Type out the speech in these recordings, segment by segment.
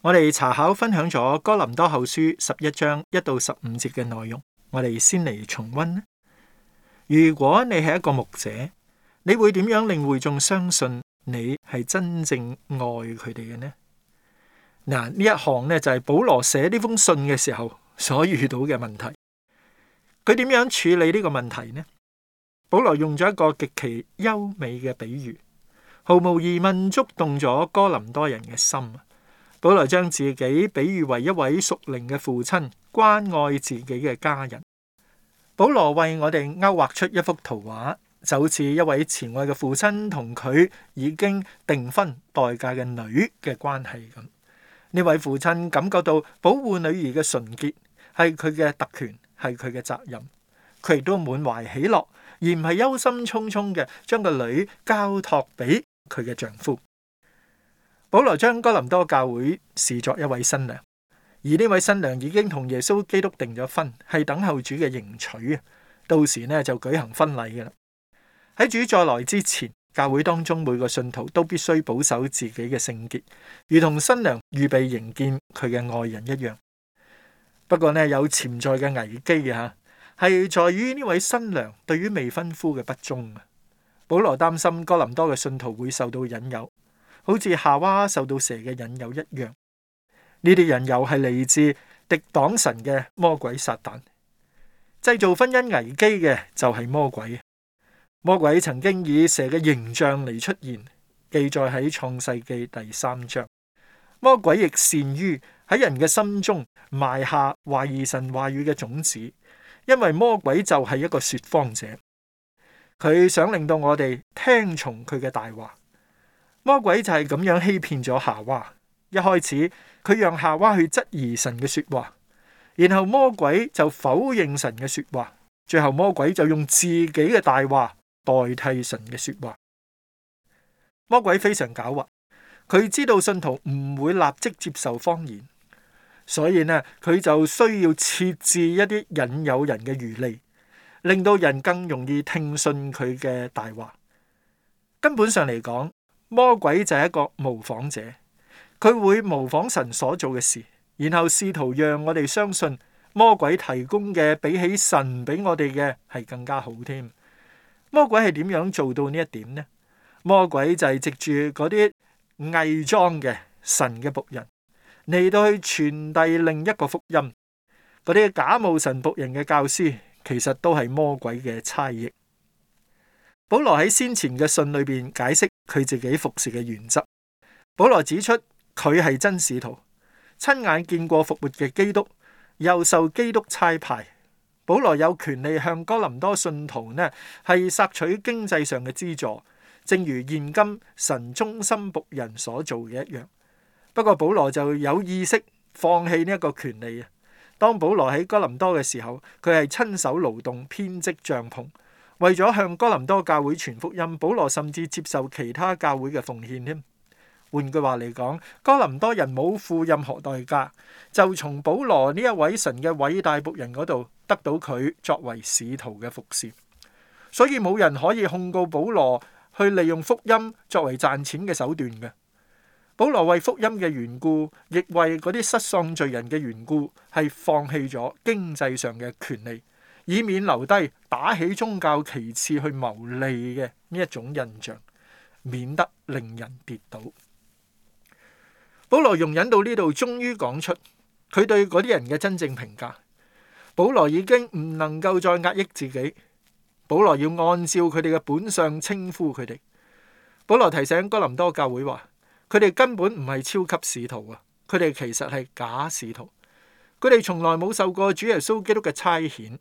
我哋查考分享咗哥林多後書十一章一到十五節嘅內容，我哋先嚟重溫咧。如果你係一個牧者，你會點樣令會眾相信你係真正愛佢哋嘅呢？嗱，呢一項呢就係保羅寫呢封信嘅時候所遇到嘅問題。佢點樣處理呢個問題呢？保羅用咗一個極其優美嘅比喻，毫無疑問觸動咗哥林多人嘅心。保羅將自己比喻為一位熟齡嘅父親，關愛自己嘅家人。保羅為我哋勾畫出一幅圖畫，就好似一位慈愛嘅父親同佢已經訂婚待嫁嘅女嘅關係咁。呢位父親感覺到保護女兒嘅純潔係佢嘅特權，係佢嘅責任。佢亦都滿懷喜樂，而唔係憂心忡忡嘅將個女交託俾佢嘅丈夫。保羅將哥林多教會視作一位新娘，而呢位新娘已經同耶穌基督定咗婚，係等候主嘅迎娶啊！到時呢就舉行婚禮㗎喇。喺主再來之前，教會當中每個信徒都必須保守自己嘅聖潔，如同新娘預備迎見佢嘅愛人一樣。不過呢有潛在嘅危機嘅吓，係在於呢位新娘對於未婚夫嘅不忠。保羅擔心哥林多嘅信徒會受到引誘。好似夏娃受到蛇嘅引誘一樣，呢啲人又係嚟自敵擋神嘅魔鬼撒旦，製造婚姻危機嘅就係魔鬼。魔鬼曾經以蛇嘅形象嚟出現，記載喺創世記第三章。魔鬼亦善於喺人嘅心中埋下懷疑神話語嘅種子，因為魔鬼就係一個說謊者，佢想令到我哋聽從佢嘅大話。魔鬼就係咁樣欺騙咗夏娃。一開始，佢讓夏娃去質疑神嘅說話，然後魔鬼就否認神嘅說話，最後魔鬼就用自己嘅大話代替神嘅說話。魔鬼非常狡猾，佢知道信徒唔會立即接受謊言，所以呢，佢就需要設置一啲引誘人嘅愚利，令到人更容易聽信佢嘅大話。根本上嚟講，魔鬼就係一個模仿者，佢會模仿神所做嘅事，然後試圖讓我哋相信魔鬼提供嘅比起神俾我哋嘅係更加好添。魔鬼係點樣做到呢一點呢？魔鬼就係藉住嗰啲偽裝嘅神嘅僕人嚟到去傳遞另一個福音，嗰啲假冒神僕人嘅教師，其實都係魔鬼嘅差役。保羅喺先前嘅信裏邊解釋佢自己服侍嘅原則。保羅指出佢係真使徒，親眼見過復活嘅基督，又受基督差派。保羅有權利向哥林多信徒呢係索取經濟上嘅資助，正如現今神忠心僕人所做嘅一樣。不過保羅就有意識放棄呢一個權利啊。當保羅喺哥林多嘅時候，佢係親手勞動編織帳、帳篷。為咗向哥林多教會傳福音，保羅甚至接受其他教會嘅奉獻添。換句話嚟講，哥林多人冇付任何代價，就從保羅呢一位神嘅偉大僕人嗰度得到佢作為使徒嘅服侍。所以冇人可以控告保羅去利用福音作為賺錢嘅手段嘅。保羅為福音嘅緣故，亦為嗰啲失喪罪人嘅緣故，係放棄咗經濟上嘅權利。以免留低打起宗教旗幟去謀利嘅呢一種印象，免得令人跌倒。保羅容忍到呢度，終於講出佢對嗰啲人嘅真正評價。保羅已經唔能夠再壓抑自己，保羅要按照佢哋嘅本相稱呼佢哋。保羅提醒哥林多教會話，佢哋根本唔係超級使徒啊，佢哋其實係假使徒，佢哋從來冇受過主耶穌基督嘅差遣。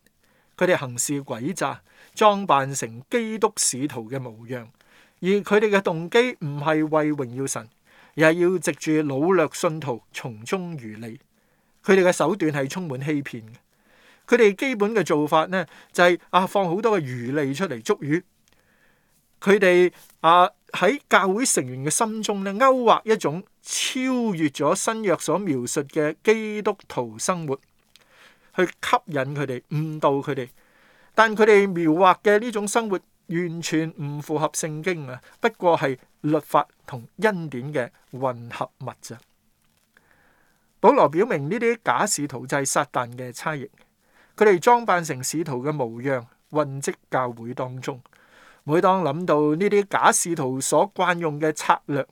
佢哋行事詭詐，裝扮成基督使徒嘅模樣，而佢哋嘅動機唔係為榮耀神，而係要藉住老弱信徒從中漁利。佢哋嘅手段係充滿欺騙。佢哋基本嘅做法呢，就係、是、啊放好多嘅漁利出嚟捉魚。佢哋啊，喺教會成員嘅心中呢，勾畫一種超越咗新約所描述嘅基督徒生活去吸引佢哋，誤導佢哋，但佢哋描畫嘅呢種生活完全唔符合聖經啊！不過係律法同恩典嘅混合物啫。保羅表明呢啲假使徒就係撒但嘅差役，佢哋裝扮成使徒嘅模樣，混跡教會當中。每當諗到呢啲假使徒所慣用嘅策略，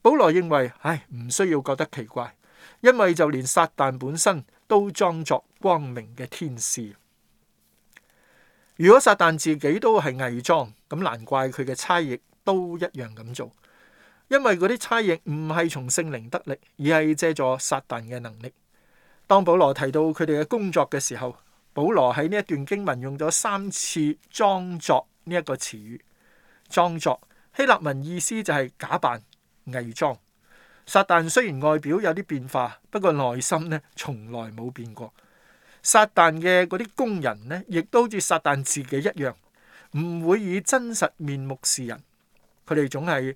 保羅認為唉，唔需要覺得奇怪，因為就連撒但本身，都裝作光明嘅天使。如果撒旦自己都係偽裝，咁難怪佢嘅差役都一樣咁做，因為嗰啲差役唔係從聖靈得力，而係借助撒旦嘅能力。當保羅提到佢哋嘅工作嘅時候，保羅喺呢一段經文用咗三次“裝作”呢一個詞語。裝作希臘文意思就係假扮、偽裝。撒旦雖然外表有啲變化，不過內心呢從來冇變過。撒旦嘅嗰啲工人呢，亦都好似撒旦自己一樣，唔會以真實面目示人。佢哋總係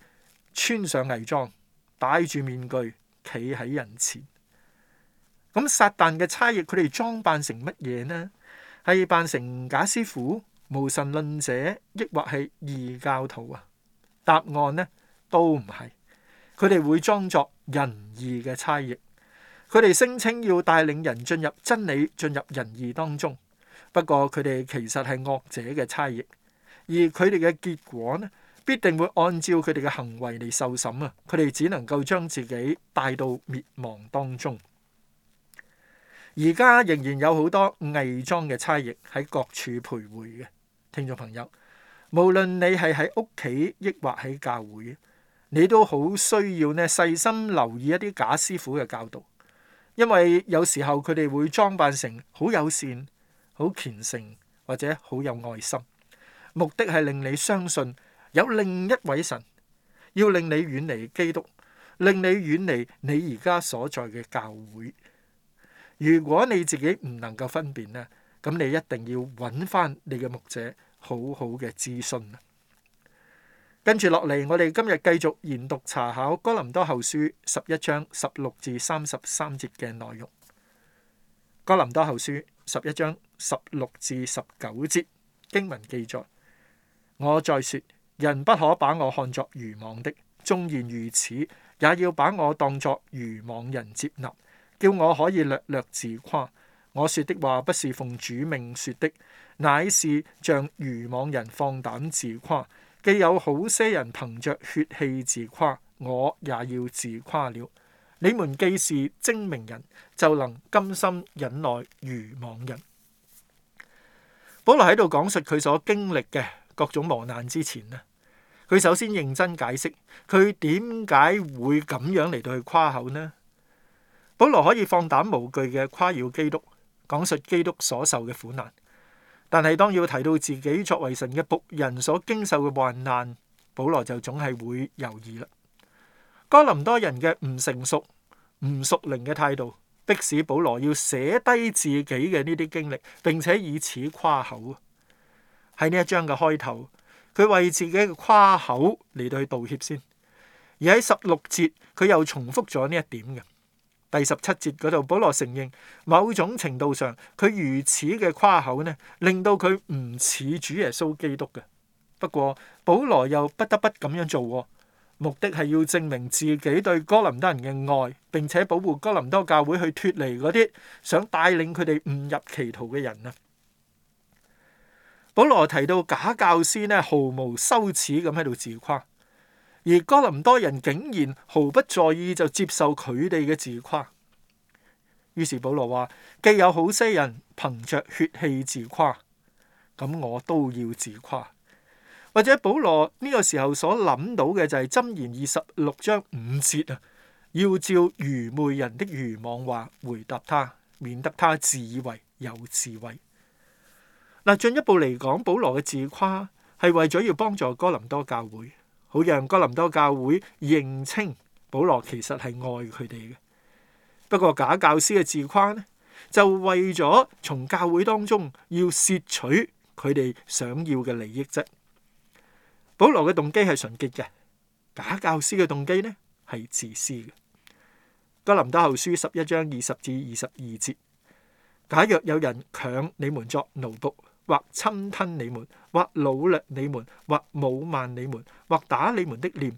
穿上偽裝，戴住面具，企喺人前。咁撒旦嘅差役，佢哋裝扮成乜嘢呢？係扮成假師傅、無神論者，抑或係異教徒啊？答案呢都唔係。佢哋會裝作仁義嘅差役，佢哋聲稱要帶領人進入真理、進入仁義當中。不過佢哋其實係惡者嘅差役，而佢哋嘅結果呢，必定會按照佢哋嘅行為嚟受審啊！佢哋只能夠將自己帶到滅亡當中。而家仍然有好多偽裝嘅差役喺各處徘徊嘅。聽眾朋友，無論你係喺屋企抑或喺教會，你都好需要呢，細心留意一啲假師傅嘅教導，因為有時候佢哋會裝扮成好友善、好虔誠或者好有愛心，目的係令你相信有另一位神，要令你遠離基督，令你遠離你而家所在嘅教會。如果你自己唔能夠分辨呢，咁你一定要揾翻你嘅牧者好好嘅諮詢。跟住落嚟，我哋今日繼續研讀查考哥《哥林多後書》十一章十六至三十三節嘅內容。《哥林多後書》十一章十六至十九節經文記載：我再説，人不可把我看作愚妄的，縱然如此，也要把我當作愚妄人接納，叫我可以略略自誇。」我説的話不是奉主命説的，乃是像愚妄人放膽自誇。既有好些人憑着血氣自誇，我也要自誇了。你們既是精明人，就能甘心忍耐愚妄人。保羅喺度講述佢所經歷嘅各種磨難之前呢，佢首先認真解釋佢點解會咁樣嚟到去誇口呢？保羅可以放膽無懼嘅誇耀基督，講述基督所受嘅苦難。但係當要提到自己作為神嘅僕人所經受嘅患難，保羅就總係會猶豫啦。哥林多人嘅唔成熟、唔熟靈嘅態度，迫使保羅要寫低自己嘅呢啲經歷，並且以此誇口。喺呢一章嘅開頭，佢為自己嘅誇口嚟到去道歉先。而喺十六節，佢又重複咗呢一點嘅。第十七節嗰度，保羅承認某種程度上，佢如此嘅誇口呢，令到佢唔似主耶穌基督嘅。不過，保羅又不得不咁樣做，目的係要證明自己對哥林多人嘅愛，並且保護哥林多教會去脫離嗰啲想帶領佢哋誤入歧途嘅人啊。保羅提到假教師呢，毫無羞恥咁喺度自誇。而哥林多人竟然毫不在意就接受佢哋嘅自誇，於是保羅話：既有好些人憑着血氣自誇，咁我都要自誇。或者保羅呢個時候所諗到嘅就係箴言二十六章五節啊，要照愚昧人的愚妄話回答他，免得他自以為有智慧。嗱，進一步嚟講，保羅嘅自誇係為咗要幫助哥林多教會。好讓哥林多教會認清保羅其實係愛佢哋嘅，不過假教師嘅自誇呢，就為咗從教會當中要竊取佢哋想要嘅利益啫。保羅嘅動機係純潔嘅，假教師嘅動機呢，係自私嘅。哥林多後書十一章二十至二十二節：「假若有人強你們作奴僕。」或侵吞你們，或努力你們，或武慢你們，或打你們的面，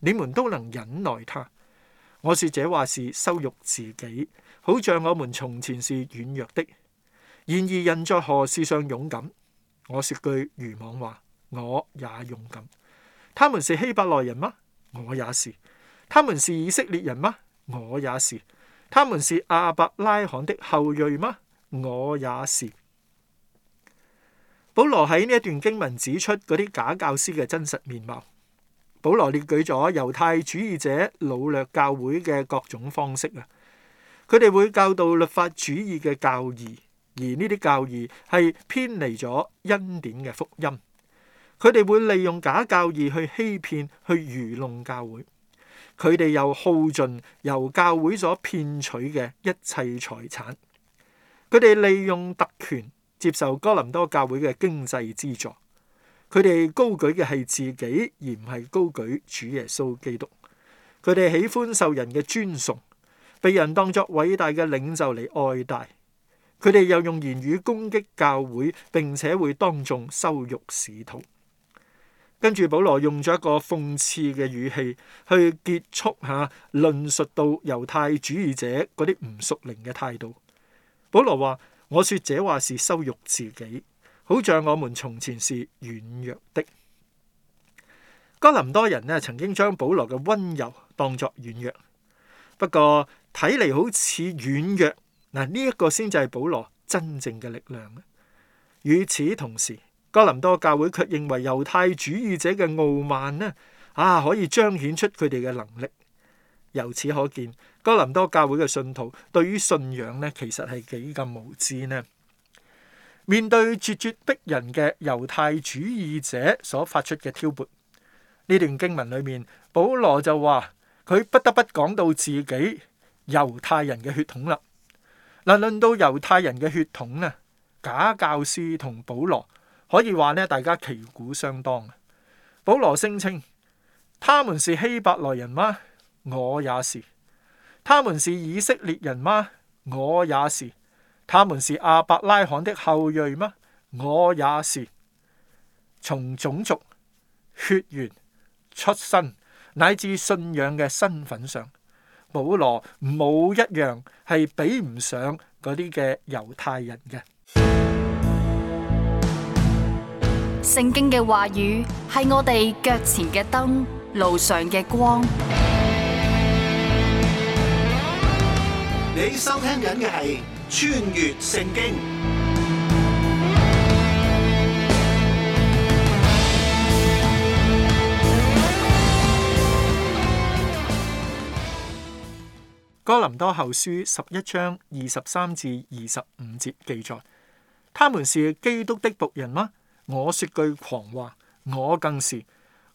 你們都能忍耐他。我說這話是羞辱自己，好像我們從前是軟弱的。然而人在何事上勇敢？我說句漁網話，我也勇敢。他們是希伯來人嗎？我也是。他們是以色列人嗎？我也是。他們是阿伯拉罕的後裔嗎？我也是。保羅喺呢一段經文指出嗰啲假教師嘅真實面貌。保羅列舉咗猶太主義者擄掠教會嘅各種方式啊！佢哋會教導律法主義嘅教義，而呢啲教義係偏離咗恩典嘅福音。佢哋會利用假教義去欺騙、去愚弄教會。佢哋又耗盡由教會所騙取嘅一切財產。佢哋利用特權。接受哥林多教會嘅經濟資助，佢哋高舉嘅係自己，而唔係高舉主耶穌基督。佢哋喜歡受人嘅尊崇，被人當作偉大嘅領袖嚟愛戴。佢哋又用言語攻擊教會，並且會當眾羞辱使徒。跟住保羅用咗一個諷刺嘅語氣去結束下論述到猶太主義者嗰啲唔屬靈嘅態度。保羅話。我說這話是羞辱自己，好像我們從前是軟弱的。哥林多人呢，曾經將保羅嘅溫柔當作軟弱，不過睇嚟好似軟弱嗱，呢、這、一個先至係保羅真正嘅力量。與此同時，哥林多教會卻認為猶太主義者嘅傲慢呢，啊可以彰顯出佢哋嘅能力。由此可見，哥林多教會嘅信徒對於信仰咧，其實係幾咁無知咧。面對咄咄逼人嘅猶太主義者所發出嘅挑撥，呢段經文裏面，保羅就話佢不得不講到自己猶太人嘅血統啦。嗱，論到猶太人嘅血統咧，假教師同保羅可以話咧，大家旗鼓相當。保羅聲稱，他們是希伯來人嗎？我也是，他們是以色列人嗎？我也是，他們是亞伯拉罕的後裔嗎？我也是。從種族、血緣、出身乃至信仰嘅身份上，保羅冇一樣係比唔上嗰啲嘅猶太人嘅。聖經嘅話語係我哋腳前嘅燈，路上嘅光。你收聽緊嘅係《穿越聖經》，哥林多後書十一章二十三至二十五節記載，他們是基督的僕人嗎？我說句狂話，我更是。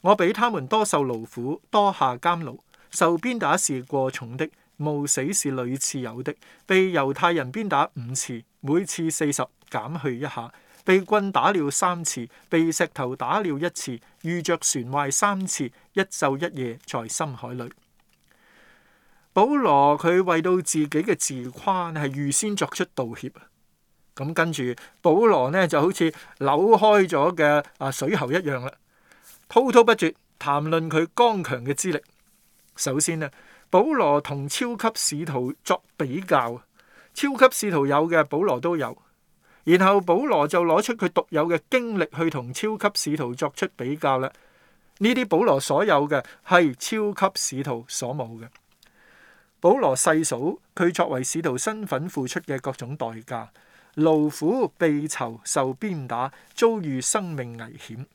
我比他們多受勞苦，多下監牢，受鞭打是過重的。冒死是屢次有的，被猶太人鞭打五次，每次四十，減去一下；被棍打了三次，被石頭打了一次，遇着船壞三次，一晝一夜在深海裏。保羅佢為到自己嘅自誇係預先作出道歉啊！咁跟住，保羅呢就好似扭開咗嘅啊水喉一樣啦，滔滔不絕談論佢剛強嘅資歷。首先呢。保羅同超級使徒作比較，超級使徒有嘅保羅都有，然後保羅就攞出佢獨有嘅經歷去同超級使徒作出比較啦。呢啲保羅所有嘅係超級使徒所冇嘅。保羅細數佢作為使徒身份付出嘅各種代價，勞苦、被囚、受鞭打、遭遇生命危險。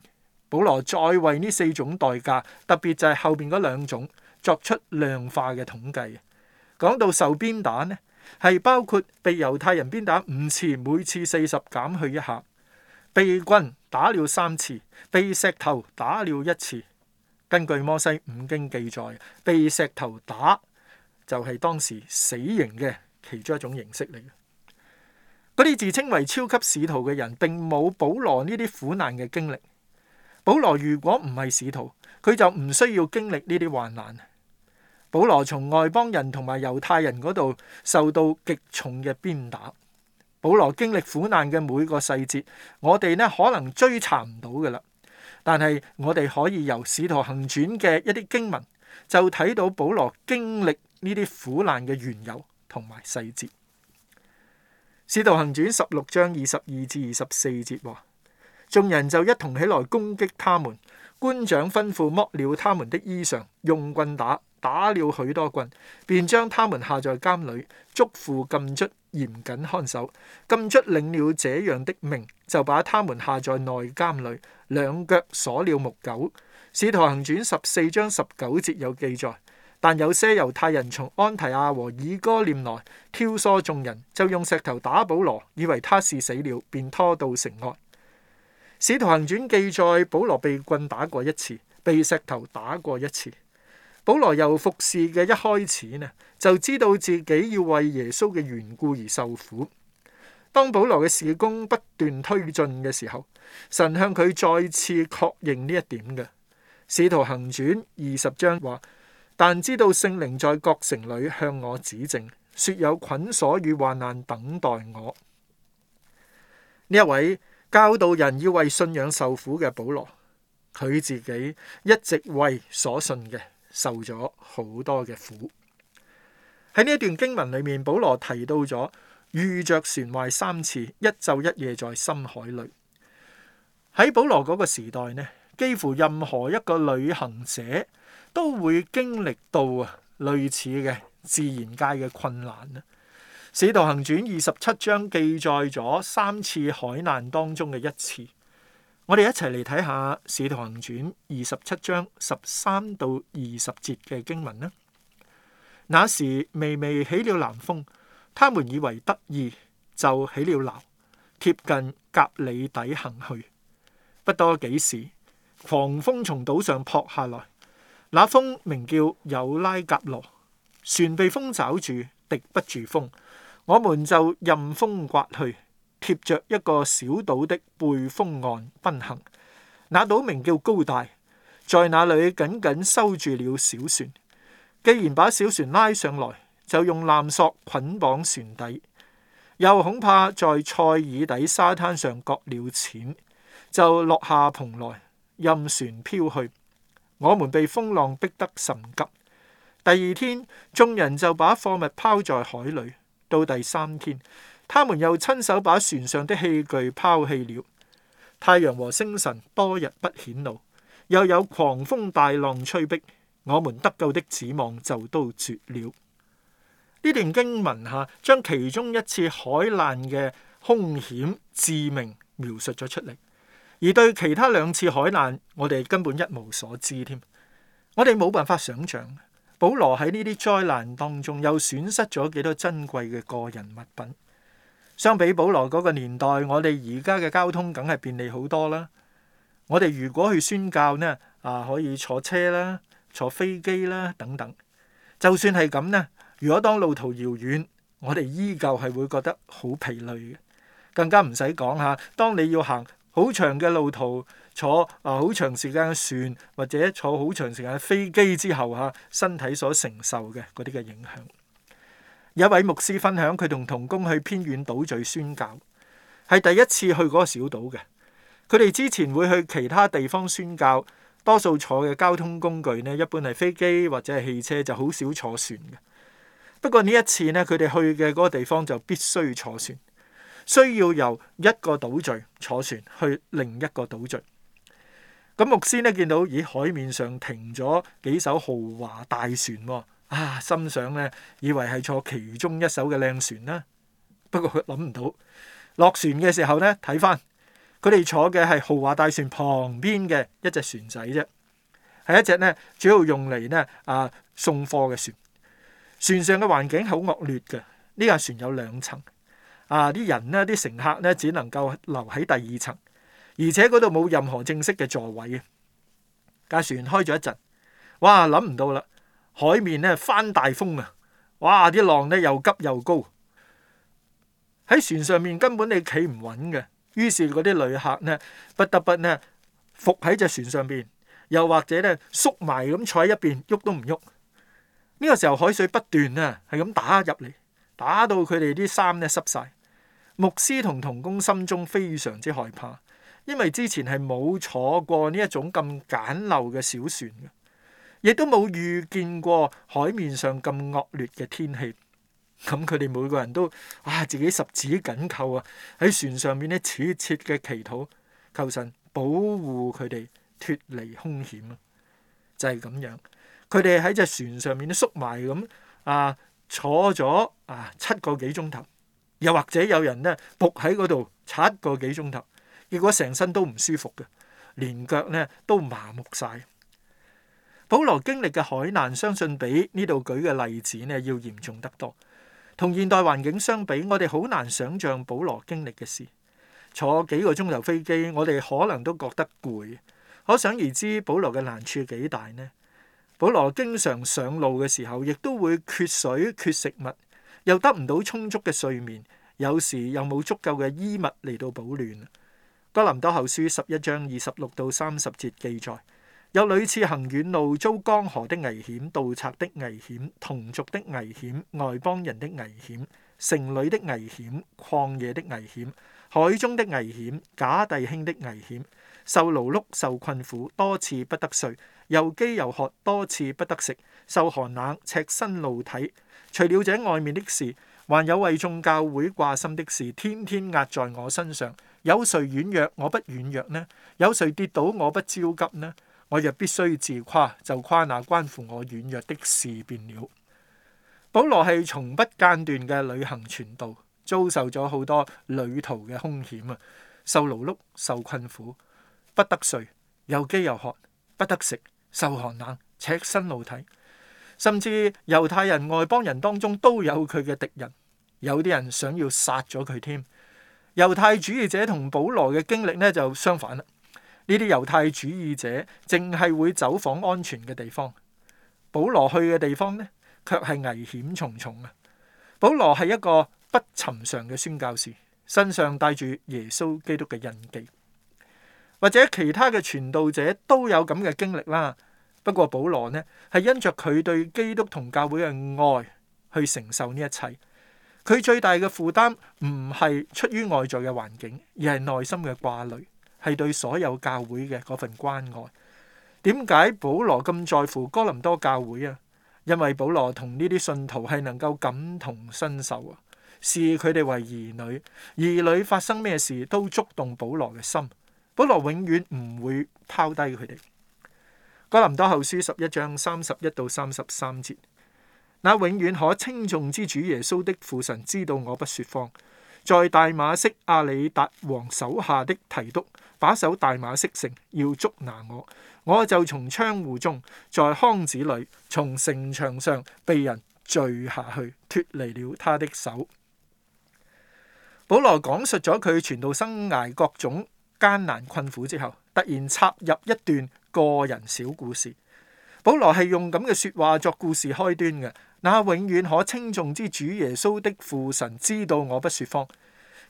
保羅再為呢四種代價，特別就係後邊嗰兩種。作出量化嘅統計，講到受鞭打呢係包括被猶太人鞭打五次，每次四十減去一下；被棍打了三次，被石頭打了一次。根據摩西五經記載，被石頭打就係、是、當時死刑嘅其中一種形式嚟嘅。嗰啲自稱為超級使徒嘅人並冇保羅呢啲苦難嘅經歷。保羅如果唔係使徒，佢就唔需要經歷呢啲患難。保羅從外邦人同埋猶太人嗰度受到極重嘅鞭打。保羅經歷苦難嘅每個細節，我哋呢可能追查唔到㗎喇。但係我哋可以由使徒行傳嘅一啲經文就睇到保羅經歷呢啲苦難嘅緣由同埋細節。使徒行傳十六章二十二至二十四節話，眾人就一同起來攻擊他們，官長吩咐剝了他們的衣裳，用棍打。打了許多棍，便將他們下在監裏，囑咐禁卒嚴謹看守。禁卒領了這樣的命，就把他們下在內監裏，兩腳鎖了木狗。使徒行傳十四章十九節有記載，但有些猶太人從安提阿和以哥念來挑唆眾人，就用石頭打保羅，以為他是死了，便拖到城外。使徒行傳記載保羅被棍打過一次，被石頭打過一次。保羅由服侍嘅一開始呢，就知道自己要為耶穌嘅緣故而受苦。當保羅嘅事工不斷推進嘅時候，神向佢再次確認呢一點。嘅《使徒行傳》二十章話，但知道聖靈在各城裏向我指證，說有捆鎖與患難等待我。呢一位教導人要為信仰受苦嘅保羅，佢自己一直為所信嘅。受咗好多嘅苦。喺呢一段經文裏面，保羅提到咗遇着船壞三次，一晝一夜在深海裏。喺保羅嗰個時代呢，幾乎任何一個旅行者都會經歷到啊類似嘅自然界嘅困難啦。《使徒行傳》二十七章記載咗三次海難當中嘅一次。我哋一齊嚟睇下《使徒行傳》二十七章十三到二十節嘅經文啦。那時微微起了南風，他們以為得意，就起了錨，貼近甲里底行去。不多幾時，狂風從島上撲下來，那風名叫有拉甲羅，船被風抓住，敵不住風，我們就任風刮去。貼着一個小島的背風岸奔行，那島名叫高大，在那裏僅僅收住了小船。既然把小船拉上來，就用纜索捆綁船底，又恐怕在賽耳底沙灘上擱了淺，就落下篷來，任船飄去。我們被風浪逼得甚急。第二天，眾人就把貨物拋在海裏。到第三天。他們又親手把船上的器具拋棄了。太陽和星辰多日不顯露，又有狂風大浪吹逼，我們得救的指望就都絕了。呢段經文嚇將其中一次海難嘅凶險致命描述咗出嚟，而對其他兩次海難，我哋根本一無所知添。我哋冇辦法想象保羅喺呢啲災難當中又損失咗幾多珍貴嘅個人物品。相比保羅嗰個年代，我哋而家嘅交通梗係便利好多啦。我哋如果去宣教呢，啊可以坐車啦、坐飛機啦等等。就算係咁呢，如果當路途遙遠，我哋依舊係會覺得好疲累嘅，更加唔使講下，當你要行好長嘅路途，坐啊好長時間嘅船或者坐好長時間嘅飛機之後嚇，身體所承受嘅嗰啲嘅影響。有一位牧師分享佢同同工去偏遠島嶼宣教，係第一次去嗰個小島嘅。佢哋之前會去其他地方宣教，多數坐嘅交通工具呢，一般係飛機或者係汽車，就好少坐船嘅。不過呢一次呢，佢哋去嘅嗰個地方就必須要坐船，需要由一個島嶼坐船去另一個島嶼。咁牧師呢見到咦，海面上停咗幾艘豪華大船喎、哦。啊，心想呢，以為係坐其中一艘嘅靚船啦。不過佢諗唔到，落船嘅時候呢，睇翻佢哋坐嘅係豪華大船旁邊嘅一隻船仔啫。係一隻呢，主要用嚟呢啊送貨嘅船。船上嘅環境好惡劣嘅。呢架船有兩層，啊啲人呢、啲乘客呢，只能夠留喺第二層，而且嗰度冇任何正式嘅座位嘅。架船開咗一陣，哇！諗唔到啦～海面呢，翻大風啊，哇！啲浪呢又急又高，喺船上面根本你企唔穩嘅。於是嗰啲旅客呢，不得不呢伏喺隻船上邊，又或者呢縮埋咁坐喺一邊，喐都唔喐。呢個時候海水不斷啊，係咁打入嚟，打到佢哋啲衫呢濕晒。牧師同童工心中非常之害怕，因為之前係冇坐過呢一種咁簡陋嘅小船嘅。亦都冇遇見過海面上咁惡劣嘅天氣，咁佢哋每個人都啊自己十指緊扣啊喺船上面呢，切切嘅祈禱，求神保護佢哋脫離凶險啊！就係、是、咁樣，佢哋喺隻船上面都縮埋咁啊坐咗啊七個幾鐘頭，又或者有人呢，伏喺嗰度七個幾鐘頭，結果成身都唔舒服嘅，連腳呢都麻木晒。保羅經歷嘅海難，相信比呢度舉嘅例子呢要嚴重得多。同現代環境相比，我哋好難想象保羅經歷嘅事。坐幾個鐘頭飛機，我哋可能都覺得攰。可想而知，保羅嘅難處幾大呢？保羅經常上路嘅時候，亦都會缺水、缺食物，又得唔到充足嘅睡眠，有時又冇足夠嘅衣物嚟到保暖。哥林多後書十一章二十六到三十節記載。有屢次行遠路遭江河的危險、盜賊的危險、同族的危險、外邦人的危險、城裏的危險、曠野的危險、海中的危險、假弟兄的危險，受勞碌、受困苦，多次不得睡，又飢又渴，多次不得食，受寒冷、赤身露體。除了這外面的事，還有為眾教會掛心的事，天天壓在我身上。有誰軟弱我不軟弱呢？有誰跌倒我不焦急呢？我若必須自誇，就誇那關乎我軟弱的事便了。保羅係從不間斷嘅旅行傳道，遭受咗好多旅途嘅凶險啊！受勞碌、受困苦、不得睡、又飢又渴、不得食、受寒冷、赤身露體，甚至猶太人外邦人當中都有佢嘅敵人，有啲人想要殺咗佢添。猶太主義者同保羅嘅經歷呢，就相反啦。呢啲猶太主義者淨係會走訪安全嘅地方，保羅去嘅地方呢卻係危險重重啊！保羅係一個不尋常嘅宣教士，身上帶住耶穌基督嘅印記，或者其他嘅傳道者都有咁嘅經歷啦。不過保羅呢，係因着佢對基督同教會嘅愛去承受呢一切，佢最大嘅負擔唔係出於外在嘅環境，而係內心嘅掛慮。係對所有教會嘅嗰份關愛。點解保羅咁在乎哥林多教會啊？因為保羅同呢啲信徒係能夠感同身受啊，視佢哋為兒女，兒女發生咩事都觸動保羅嘅心。保羅永遠唔會拋低佢哋。哥林多後書十一章三十一到三十三節，那永遠可稱頌之主耶穌的父神知道我不說謊，在大馬色阿里達王手下的提督。把守大馬色城，要捉拿我，我就從窗戶中，在筐子裏，從城牆上被人縋下去，脱離了他的手。保羅講述咗佢傳道生涯各種艱難困苦之後，突然插入一段個人小故事。保羅係用咁嘅説話作故事開端嘅。那永遠可稱頌之主耶穌的父神知道我不説謊。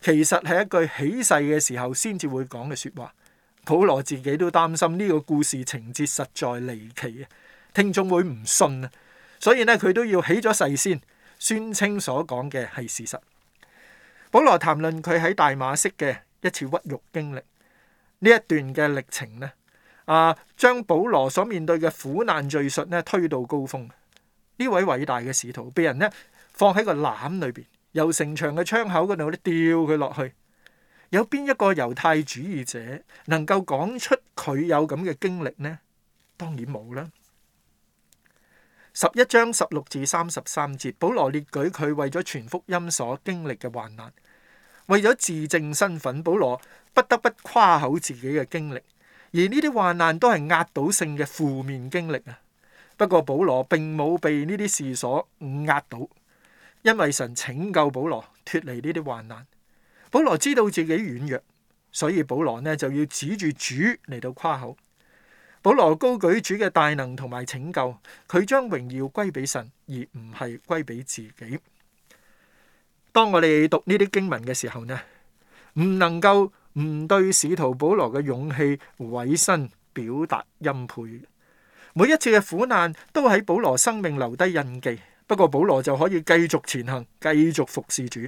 其實係一句起誓嘅時候先至會講嘅説話。保羅自己都擔心呢個故事情節實在離奇啊，聽眾會唔信啊，所以呢，佢都要起咗誓先，宣稱所講嘅係事實。保羅談論佢喺大馬色嘅一次屈辱經歷，呢一段嘅歷程呢，啊將保羅所面對嘅苦難敘述呢推到高峰。呢位偉大嘅使徒被人呢放喺個籃裏邊。由城牆嘅窗口嗰度咧，吊佢落去，有邊一個猶太主義者能夠講出佢有咁嘅經歷呢？當然冇啦。十一章十六至三十三節，保羅列舉佢為咗傳福音所經歷嘅患難。為咗自證身份，保羅不得不誇口自己嘅經歷，而呢啲患難都係壓倒性嘅負面經歷啊。不過保羅並冇被呢啲事所壓倒。因為神拯救保羅脫離呢啲患難，保羅知道自己軟弱，所以保羅呢就要指住主嚟到誇口。保羅高舉主嘅大能同埋拯救，佢將榮耀歸俾神，而唔係歸俾自己。當我哋讀呢啲經文嘅時候呢，唔能夠唔對使徒保羅嘅勇氣委身表達欽佩。每一次嘅苦難都喺保羅生命留低印記。不過保羅就可以繼續前行，繼續服侍主，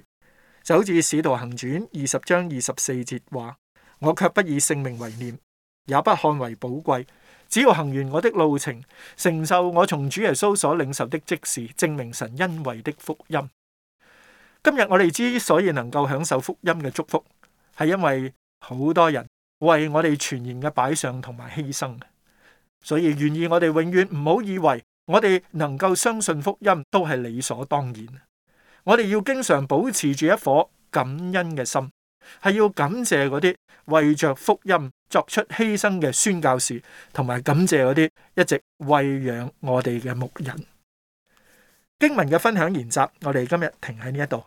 就好似《使徒行傳》二十章二十四節話：我卻不以性命為念，也不看為寶貴，只要行完我的路程，承受我從主耶穌所領受的職事，證明神恩惠的福音。今日我哋之所以能夠享受福音嘅祝福，係因為好多人為我哋傳言嘅擺上同埋犧牲，所以願意我哋永遠唔好以為。我哋能夠相信福音都係理所當然。我哋要經常保持住一顆感恩嘅心，係要感謝嗰啲為着福音作出犧牲嘅宣教士，同埋感謝嗰啲一直餵養我哋嘅牧人。經文嘅分享研習，我哋今日停喺呢一度。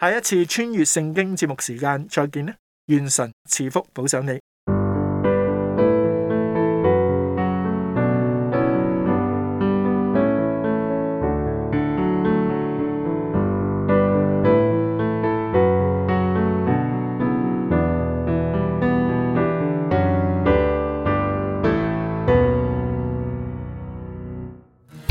下一次穿越聖經節目時間再見啦！願神賜福保守你。